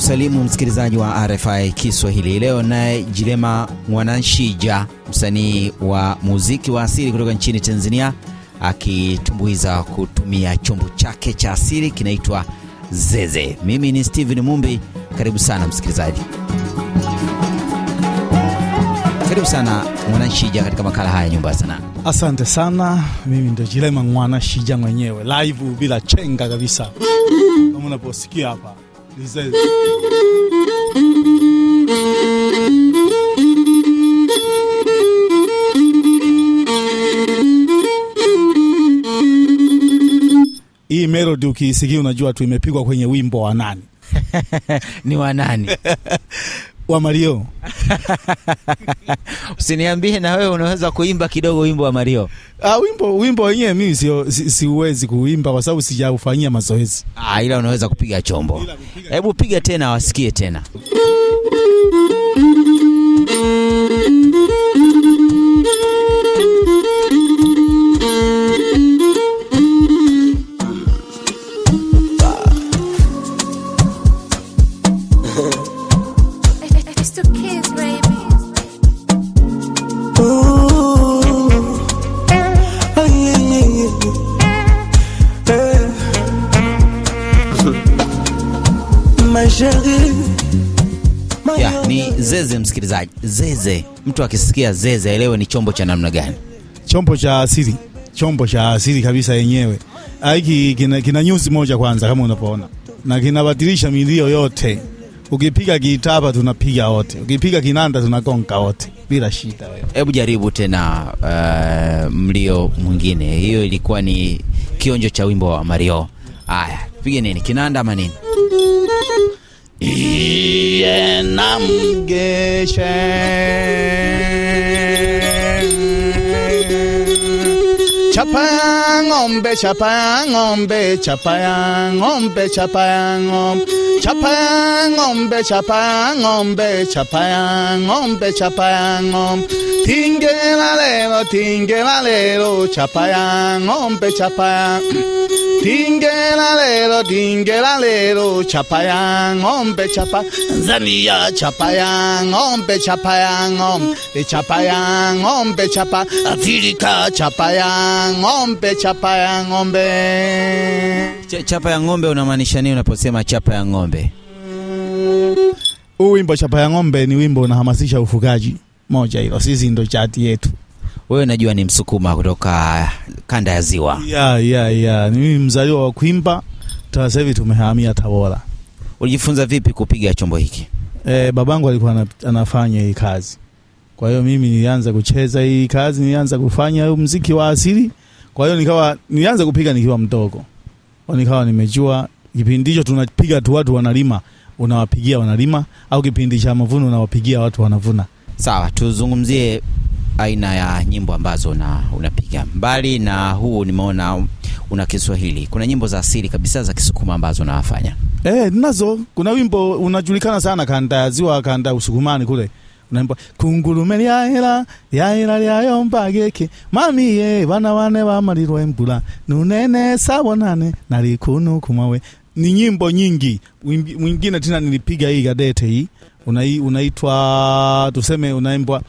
kusalimu msikilizaji wa RFI Kiswahili leo, naye Jilema Mwananshija, msanii wa muziki wa asili kutoka nchini Tanzania, akitumbuiza kutumia chombo chake cha asili kinaitwa zeze. Mimi ni stehen Mumbi, karibu sana msikilizaji, karibu sana Mwananshija katika makala haya nyumba ya sanaa. Asante sana, mimi ndo Jilema mwanashija mwenyewe live bila chenga kabisa, kama unaposikia hapa les says, hii melodi ukiisikia unajua tu imepigwa kwenye wimbo wa nani? ni wa nani? wa Mario. Usiniambie na wewe unaweza kuimba kidogo wimbo wa Mario. Ah, wimbo wimbo wenyewe mimi sio siuwezi si kuimba kwa sababu sijaufanyia mazoezi. Ah, ila unaweza kupiga chombo. Hebu piga tena wasikie tena. msikilizaji, zeze, mtu akisikia zeze aelewe ni chombo cha namna gani? Chombo cha asili, chombo cha asili kabisa yenyewe. Ah, hiki kina, kina nyuzi moja kwanza, kama unapoona, na kinabadilisha milio yote. Ukipiga kitapa tunapiga wote, ukipiga kinanda tunakonka wote bila shida. hebu jaribu tena uh, mlio mwingine. Hiyo ilikuwa ni kionjo cha wimbo wa Mario. Haya, pige nini, kinanda ama nini? je nam geshe. Chapaya ngombe, chapaya ngombe, chapaya ngombe, chapaya ngombe. Chapaya ngombe, chapaya ngombe, chapaya ngombe, chapaya ngombe. Tinge malelo, tinge malelo, chapaya ngombe, Tingelalero, tingelalero, chapayán, hombre, chapa, Tanzania, chapayán, hombre, chapayán, hombre, chapayán, hombre, chapa, Afrika, chapayán, hombre, chapayán, hombre. Ch chapa ya ng'ombe unamaanisha nini unaposema chapa ya ng'ombe? Huu wimbo chapa ya ng'ombe ni wimbo unahamasisha ufugaji. Moja hilo, sisi ndo chati yetu wewe najua ni Msukuma kutoka kanda ya Ziwa. yeah, yeah, yeah. Mimi mzaliwa wa Kwimba, sasa hivi tumehamia Tabora. Ulijifunza vipi kupiga chombo hiki? E, babangu alikuwa anafanya hii kazi, kwa hiyo mimi nilianza kucheza hii kazi, nilianza kufanya huu mziki wa asili. Kwa hiyo nikawa nilianza kupiga nikiwa mdogo, nikawa nimejua. Kipindi hicho tunapiga tu watu wanalima, unawapigia wanalima, au kipindi cha mavuno unawapigia watu wanavuna. Sawa, tuzungumzie aina ya nyimbo ambazo na unapiga. Mbali na huu, nimeona una Kiswahili, kuna nyimbo za asili kabisa za Kisukuma ambazo unawafanya eh? Nazo kuna wimbo unajulikana sana kanda ya ziwa, kanda Usukumani kule unaimba kungurume lyahela lyahela yomba geke mamiye bana bane bamalirwa embula nunene sabonane nalikunu kumawe. Ni nyimbo nyingi. Mwingine tena nilipiga hii Gadete hii unaitwa una tuseme, unaimbwa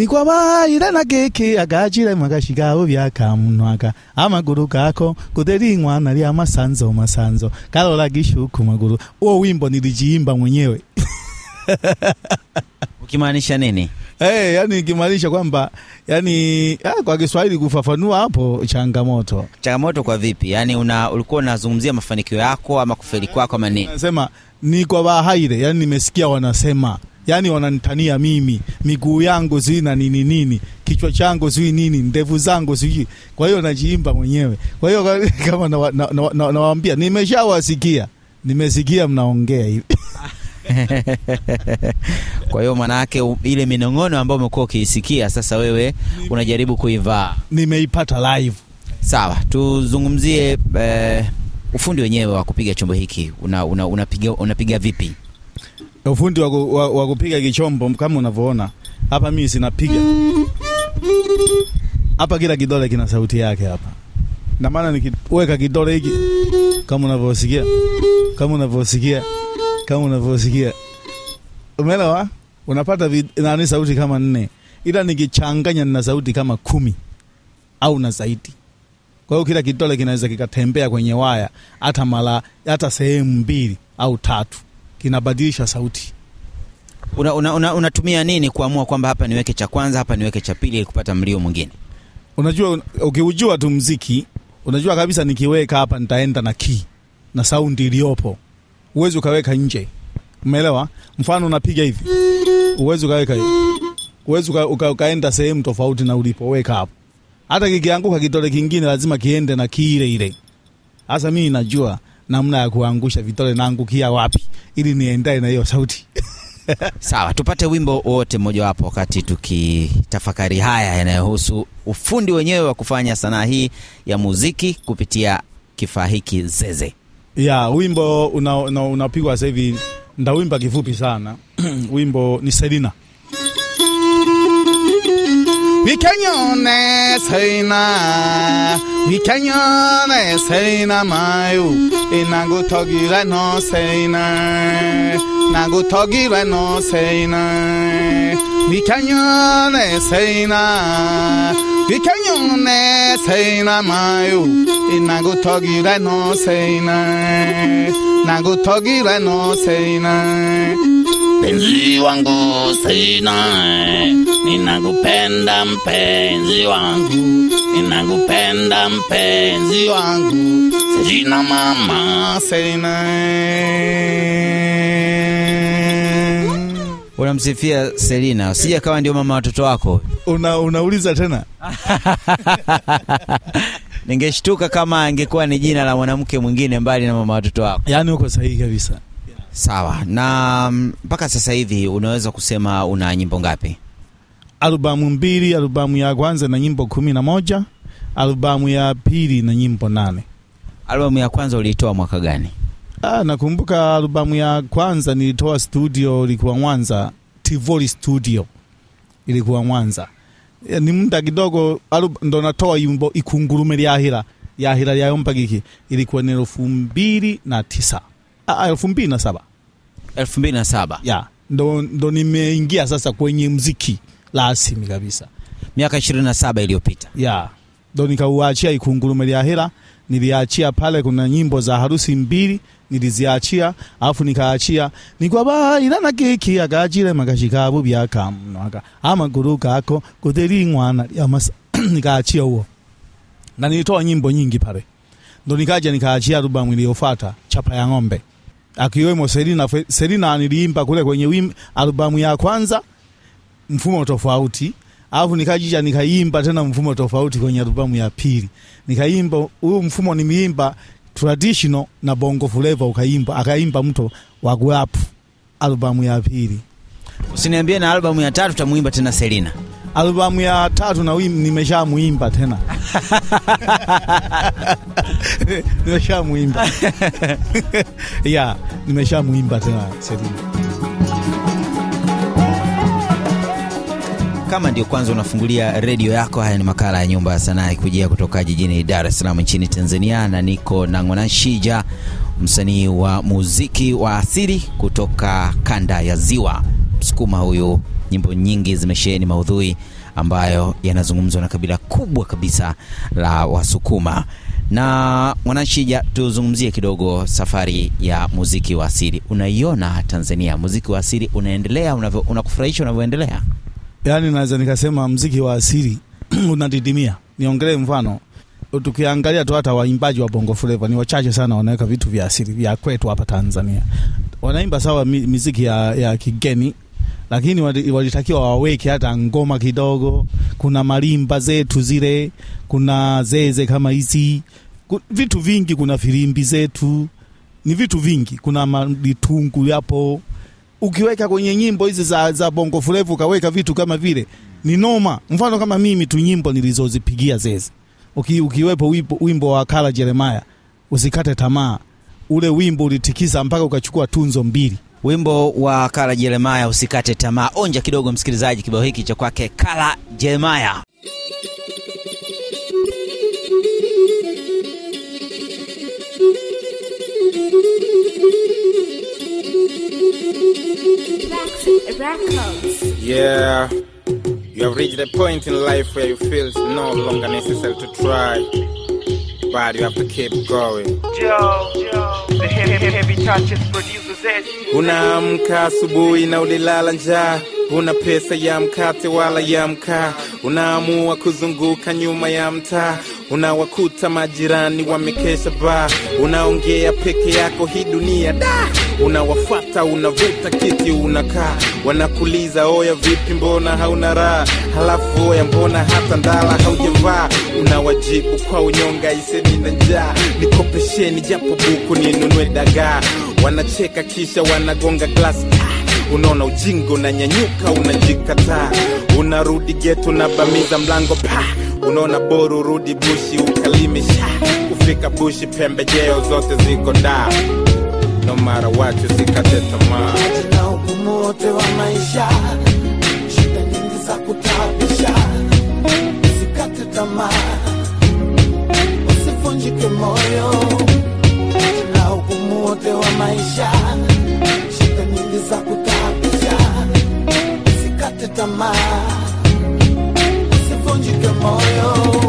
nikwabaire na giki agacire magashiga ubya kamunwaka amaguru gako guderi inkwana rya masanzo masanzo karora gishuku maguru uwo wimbo nilijiimba mwenyewe ukimaanisha nini Hey, yani ikimaanisha kwamba yani ya, ah, kwa Kiswahili kufafanua hapo changamoto. Changamoto kwa vipi? Yani una ulikuwa unazungumzia mafanikio yako ama kufeli kwako ama nini? Nasema ni kwa bahaire, yani nimesikia wanasema yani wananitania mimi, miguu yangu sijui na nini nini, kichwa changu sijui nini, ndevu zangu sijui. Kwa hiyo najiimba mwenyewe. Kwa hiyo kama nawaambia nimeshawasikia, nimesikia mnaongea hivi kwa hiyo manake ile minong'ono ambayo umekuwa ukiisikia sasa wewe unajaribu kuivaa. Nimeipata live. Sawa, tuzungumzie eh, ufundi wenyewe wa kupiga chombo hiki unapiga una, una unapiga vipi? ufundi wa kupiga kichombo kama unavyoona hapa, mimi sinapiga hapa, kila kidole kina sauti yake hapa, na maana nikiweka kidole hiki kama unavyosikia, kama unavyosikia, kama unavyosikia, umeelewa? Unapata nani sauti kama nne, ila nikichanganya na sauti kama kumi au na zaidi. Kwa hiyo kila kidole kinaweza kikatembea kwenye waya hata mara hata sehemu mbili au tatu kinabadilisha sauti. Unatumia una, una, una nini kuamua kwamba hapa niweke cha kwanza, hapa niweke cha pili ili kupata mlio mwingine? Unajua, ukiujua tu mziki unajua kabisa nikiweka hapa nitaenda na key na saundi iliyopo, uwezi ukaweka nje. Umeelewa? Mfano unapiga hivi, uwezi ukaweka hivi, uwezi uka, uka, ukaenda sehemu tofauti na ulipoweka hapo. Hata kikianguka kitole kingine lazima kiende na key ile ile. mimi najua namna ya kuangusha vitole naangukia wapi, ili niendae na hiyo sauti. Sawa, tupate wimbo wote mmojawapo, wakati tukitafakari haya yanayohusu ufundi wenyewe wa kufanya sanaa hii ya muziki kupitia kifaa hiki zeze. Ya wimbo unapigwa una, una sasa hivi, ndawimba kifupi sana wimbo ni Selina. we can on say na we can on say na my in go no say na na no say na we can on say na we can on say na my in go no say na na no say na Mpenzi mm-hmm. wangu sina, mm-hmm. ninakupenda mpenzi wangu, mm-hmm. ninakupenda mpenzi wangu, sina mama sina. Unamsifia Selina, sija kawa ndio mama watoto wako. Una, unauliza tena ningeshtuka kama angekuwa ni jina la mwanamke mwingine mbali na mama watoto wako. Yaani uko sahihi kabisa. Sawa. Na mm, mpaka sasa hivi unaweza kusema una nyimbo ngapi? Albamu mbili. Albamu ya kwanza na nyimbo kumi na moja, albamu ya pili na nyimbo nane. Albamu ya kwanza uliitoa mwaka gani? Ah, nakumbuka albamu ya kwanza nilitoa studio, ilikuwa Mwanza, Tivoli Studio ilikuwa Mwanza. Ni muda kidogo ndo natoa yimbo ikungurume lyahila yahila lyayomba giki, ilikuwa ni elfu mbili na tisa. Ah, ah, elfu mbili na saba elfu mbili na saba ya ndo, ndo nimeingia sasa kwenye mziki rasmi kabisa miaka ishirini na saba iliyopita ya ndo nikauachia ikungurume lya hela niliachia pale. Kuna nyimbo za harusi mbili niliziachia, alafu nikaachia nikwaba ilana kiki akachile makashikabu byaka mnoka amaguru kako kudeli mwana ya nikaachia huo, na nilitoa nyimbo nyingi pale, ndo nikaja nikaachia rubamu iliyofata chapa ya ng'ombe akiwemo Selina. Selina niliimba kule kwenye wimbo albamu ya kwanza mfumo tofauti, alafu nikajija nikaimba tena mfumo tofauti kwenye albamu ya pili. Nikaimba huu mfumo nimeimba traditional na bongo flava, ukaimba akaimba mtu wa gwapu albamu ya pili. Usiniambie na albamu ya tatu tamuimba tena Selina albamu ya tatu na nimesha muimba tena nimesha muimba ya nimesha muimba tena Selina. Kama ndio kwanza unafungulia redio yako, haya ni makala ya Nyumba ya Sanaa ikujia kutoka jijini Dar es Salaam nchini Tanzania, na niko na msanii wa muziki wa asili kutoka kanda ya Ziwa, msukuma huyu nyimbo nyingi zimesheheni maudhui ambayo yanazungumzwa na kabila kubwa kabisa la Wasukuma. Na Mwananshija, tuzungumzie kidogo safari ya muziki wa asili. Unaiona Tanzania muziki wa asili unaendelea unakufurahisha unavyoendelea? Yaani naweza nikasema muziki wa asili unadidimia. Niongelee mfano tukiangalia tu hata waimbaji wa Bongo Flava ni wachache sana wanaweka vitu vya asili vya kwetu hapa Tanzania. Wanaimba sawa miziki ya, ya kigeni lakini walitakiwa waweke hata ngoma kidogo. Kuna marimba zetu zile, kuna zeze kama hizi, vitu vingi, kuna filimbi zetu, ni vitu vingi, kuna maditungu yapo. Ukiweka kwenye nyimbo hizi za, za bongo flava ukaweka vitu kama vile ni noma. Mfano kama mimi tu nyimbo nilizozipigia zeze, uki, ukiwepo wimbo, wimbo wa Kala Jeremaya usikate tamaa, ule wimbo ulitikisa mpaka ukachukua tunzo mbili wimbo wa Kala jeremaya usikate tamaa. Onja kidogo msikilizaji, kibao hiki cha kwake Kala jeremaya Yeah, you have reached a point in life where you feel it's no longer necessary to try, but you have to keep going. Joe, Joe, the heavy, heavy, Unaamka asubuhi na ulilala njaa, una pesa ya mkate wala ya mkaa, unaamua kuzunguka nyuma ya mtaa unawakuta majirani wamekesha baa, unaongea peke yako hii dunia da unawafata unavuta kiti unakaa, wanakuliza oya, vipi, mbona hauna raha? Halafu oya, mbona hata ndala haujavaa? Unawajibu kwa unyonga, ise nina njaa, nikopesheni japo buku ninunwe dagaa. Wanacheka kisha wanagonga glasi unaona ujinga unanyanyuka unajikataa unarudi getu na bamiza mlango pa unaona boru rudi bushi ukalimisha kufika bushi pembejeo zote ziko daa no mara watu sikate tamaa tena ugumu wa maisha shida nyingi za kutabisha usikate tamaa usivunjike moyo na ugumu wote wa maisha tamaa, usivunjike moyo,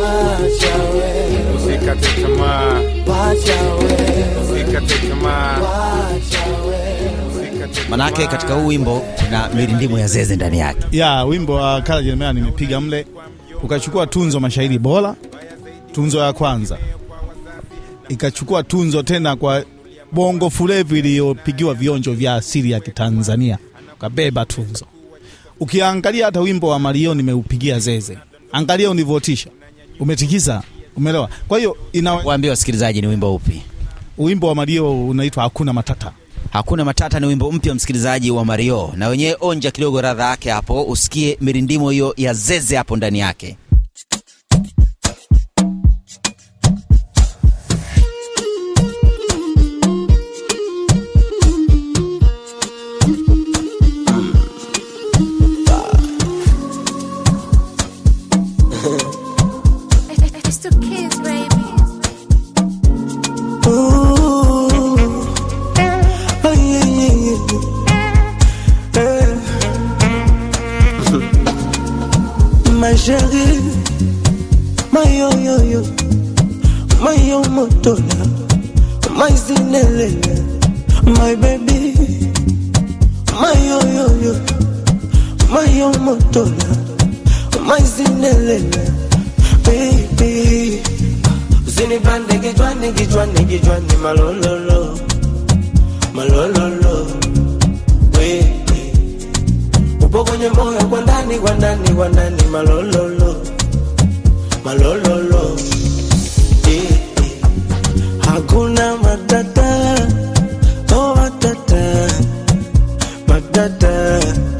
wacha we, usikate tamaa, wacha we, usikate tamaa, wacha we Manake katika huu wimbo kuna mirindimu ya zeze ndani yake ya wimbo wa Kala jeremea nimepiga mle, ukachukua tunzo mashairi bora, tunzo ya kwanza ikachukua tunzo tena kwa bongo fulevu iliyopigiwa vionjo vya asili ya Kitanzania beba tunzo. Ukiangalia hata wimbo wa Mario nimeupigia zeze, angalia univotisha, umetikiza, umelewa. Kwa hiyo ina waambie wasikilizaji ni wimbo upi? Wimbo wa Mario unaitwa hakuna matata. Hakuna matata ni wimbo mpya msikilizaji wa Mario, na wenyewe onja kidogo radha yake hapo, usikie mirindimo hiyo ya zeze hapo ndani yake. Ma chérie, ma my, yo yo, ma yo motola, ma zinelele, my baby, my, yo yo yo, my, yo motola, my, zinelele. Chini pande kichwani, kichwani, kichwani, malololo, malololo, we upo kwenye moyo, kwa ndani, kwa ndani, kwa ndani, malololo, malololo, e, e. Hakuna matata, oh matata, matata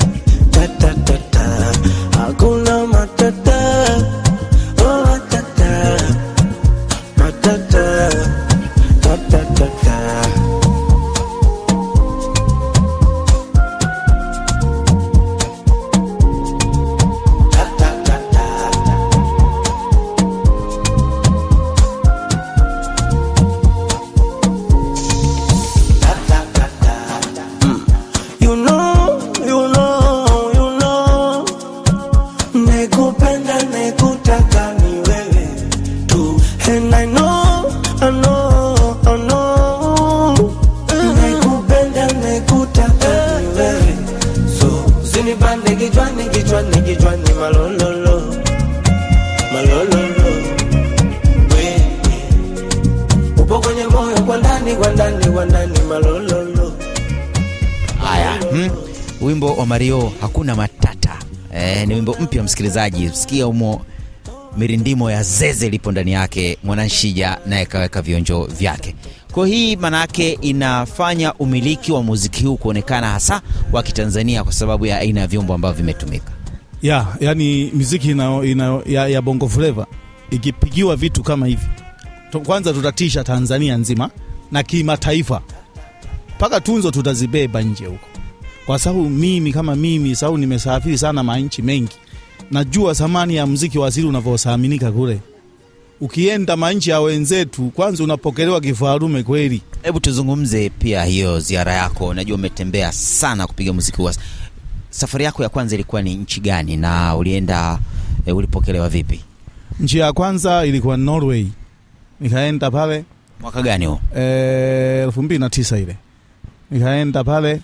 eh, ni wimbo mpya msikilizaji, sikia humo mirindimo ya zeze lipo ndani yake. Mwananshija naye kaweka vionjo vyake. Kwa hii maana yake inafanya umiliki wa muziki huu kuonekana hasa wa Kitanzania kwa sababu ya aina ya vyombo ambavyo vimetumika. Yeah, yani muziki ina, ina, ya, ya Bongo Flava ikipigiwa vitu kama hivi, kwanza tutatisha Tanzania nzima na kimataifa, mpaka tunzo tutazibeba nje huko kwa sababu mimi kama mimi, sababu nimesafiri sana manchi mengi, najua thamani ya mziki wa asili unavyosaminika kule. Ukienda manchi ya wenzetu, kwanza unapokelewa kifarume kweli. Hebu tuzungumze pia hiyo ziara yako, najua umetembea sana kupiga muziki wa safari yako ya kwanza ilikuwa ni nchi gani na ulienda e, ulipokelewa vipi? Nchi ya kwanza ilikuwa Norway, nikaenda pale. Mwaka gani huo? Eh, elfu mbili na tisa ile nikaenda pale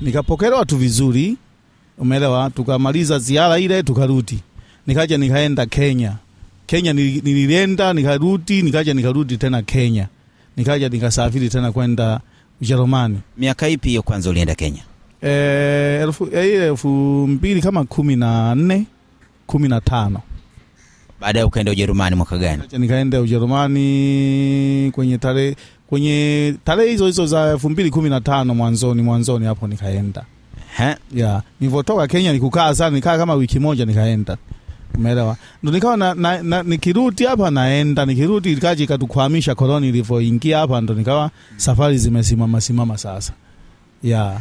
nikapokelewa tu vizuri, umeelewa. Tukamaliza ziara ile tukarudi, nikaja nikaenda Kenya. Kenya nilienda nikarudi, nikaja nikarudi tena Kenya, nikaja nikasafiri tena kwenda Ujerumani. Miaka ipi hiyo kwanza ulienda Kenya? E, elfu, e, elfu mbili kama kumi na nne kumi na tano. Baadaye ukaenda Ujerumani mwaka gani? Nikaenda Ujerumani kwenye tarehe kwenye tarehe hizo hizo za elfu mbili kumi na tano mwanzoni mwanzoni hapo nikaenda yeah. Nilivyotoka Kenya nikukaa sana, nikaa kama wiki moja nikaenda Umeelewa? Ndo nikawa na, na, na, nikirudi hapa naenda nikirudi, ikaji ikatukwamisha koloni ilivyoingia hapa, ndo nikawa safari zimesimama simama sasa yeah.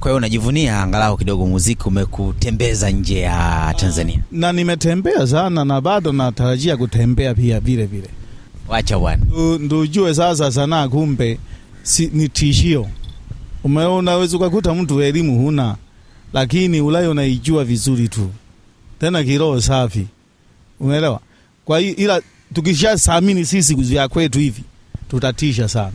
Kwa hiyo unajivunia angalau kidogo muziki umekutembeza nje ya Tanzania? Na nimetembea sana na bado natarajia kutembea pia vile vile. Wacha bwana, ndo ujue sasa sanaa kumbe si, ni tishio. Umeona, Unaweza ukakuta mtu elimu huna, lakini ulayo unaijua vizuri tu, tena kiroho safi, umeelewa? Kwa hiyo ila tukishasamini sisi kuzuia kwetu hivi tutatisha sana.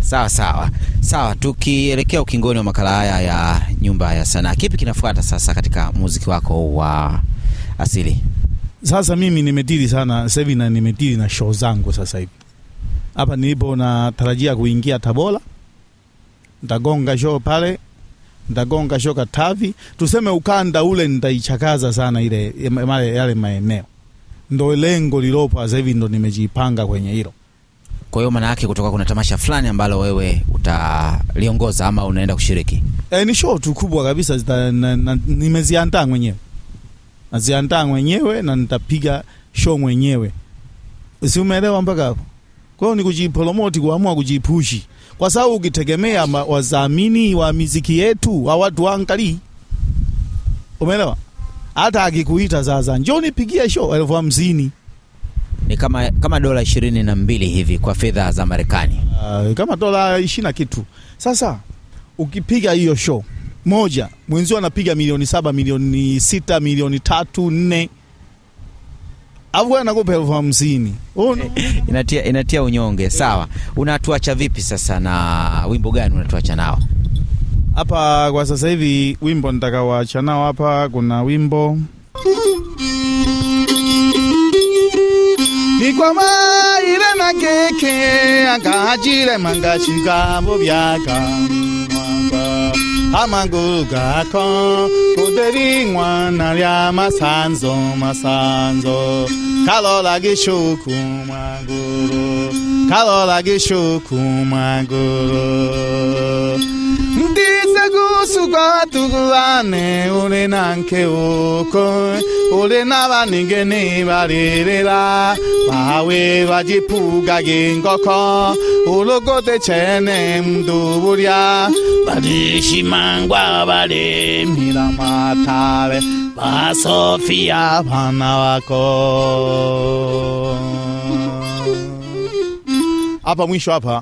Sawa sawa sawa, tukielekea ukingoni wa makala haya ya nyumba ya sanaa, kipi kinafuata sasa katika muziki wako wa asili? Sasa mimi nimetiri sana sasa hivi na nimetiri na show zangu sasa hivi hapa nilipo, natarajia kuingia tabola ntagonga show pale, ntagonga show Katavi, tuseme ukanda ule nitaichakaza sana ile yale maeneo, ndo lengo lilopo sasa hivi, ndo nimejipanga kwenye hilo. Kwa hiyo maana kutoka kuna tamasha fulani ambalo wewe utaliongoza ama unaenda kushiriki? E, ni show tu kubwa kabisa, nimeziandaa mwenyewe naziandaa mwenyewe na nitapiga show mwenyewe. Si umeelewa mpaka hapo? Kwa hiyo ni kujipromoti, kuamua kujipushi, kwa sababu ukitegemea wadhamini wa miziki yetu watu wangali, Umeelewa? Hata akikuita sasa, njoo nipigie show elfu hamsini ni kama kama dola ishirini na mbili hivi kwa fedha za Marekani. Uh, kama dola ishirini na kitu. Sasa ukipiga hiyo show moja, mwenzio anapiga milioni saba, milioni sita, milioni tatu nne, afu wewe anakupa elfu hamsini. Inatia, inatia unyonge. Sawa, unatuacha vipi sasa, na wimbo gani unatuacha nao hapa kwa sasa hivi? Wimbo nitakawaacha nao hapa, kuna wimbo nikwama ile na keke akajile mangashikambo vyaka amagulu akọ kuderingwa nwa narị amasanzo masanzo kalọla gishuku chukwu kalọla gishuku chukwu suko tuane ole nanke uko ole nava ninge ni barirela mawe wajipuga gingoko ologo te chene mduburia badishi mangwa bale mila ba sofia bana hapa mwisho hapa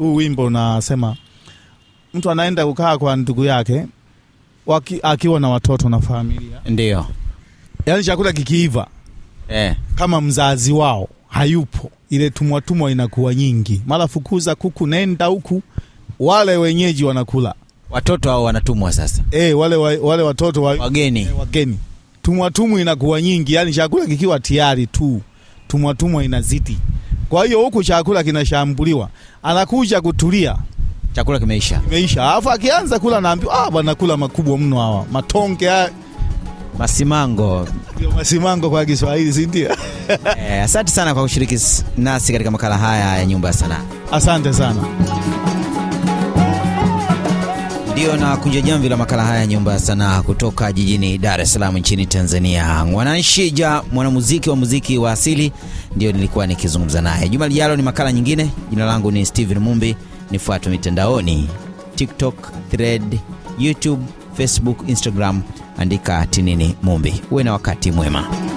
uwimbo nasema mtu anaenda kukaa kwa ndugu yake waki, akiwa na watoto na familia, ndio yaani chakula kikiiva eh, kama mzazi wao hayupo, ile tumwatumwa inakuwa nyingi, mara fukuza kuku, nenda huku, wale wenyeji wanakula watoto hao wanatumwa sasa. E, wale, wa, wale watoto wa, wageni, e, wageni. Tumwatumwa inakuwa nyingi, yani chakula kikiwa tayari tu tumwatumwa inazidi. Kwa hiyo huku chakula kinashambuliwa, anakuja kutulia chakula kimeisha, kimeisha. Alafu akianza kula naambiwa, ah, bwana kula makubwa mno hawa matonge haya masimango masimango kwa Kiswahili, si ndio? Eh, asante sana kwa kushiriki nasi katika makala haya ya Nyumba ya Sanaa. Asante sana. Ndiyo, na kunja jamvi la makala haya ya Nyumba ya Sanaa kutoka jijini Dar es Salaam nchini Tanzania. Mwananshija, ja mwanamuziki wa muziki wa asili, ndio nilikuwa nikizungumza naye. Juma lijalo ni makala nyingine. Jina langu ni Steven Mumbi nifuatwe mitandaoni TikTok, Thread, YouTube, Facebook, Instagram, andika Tinini Mumbi. Uwe na wakati mwema.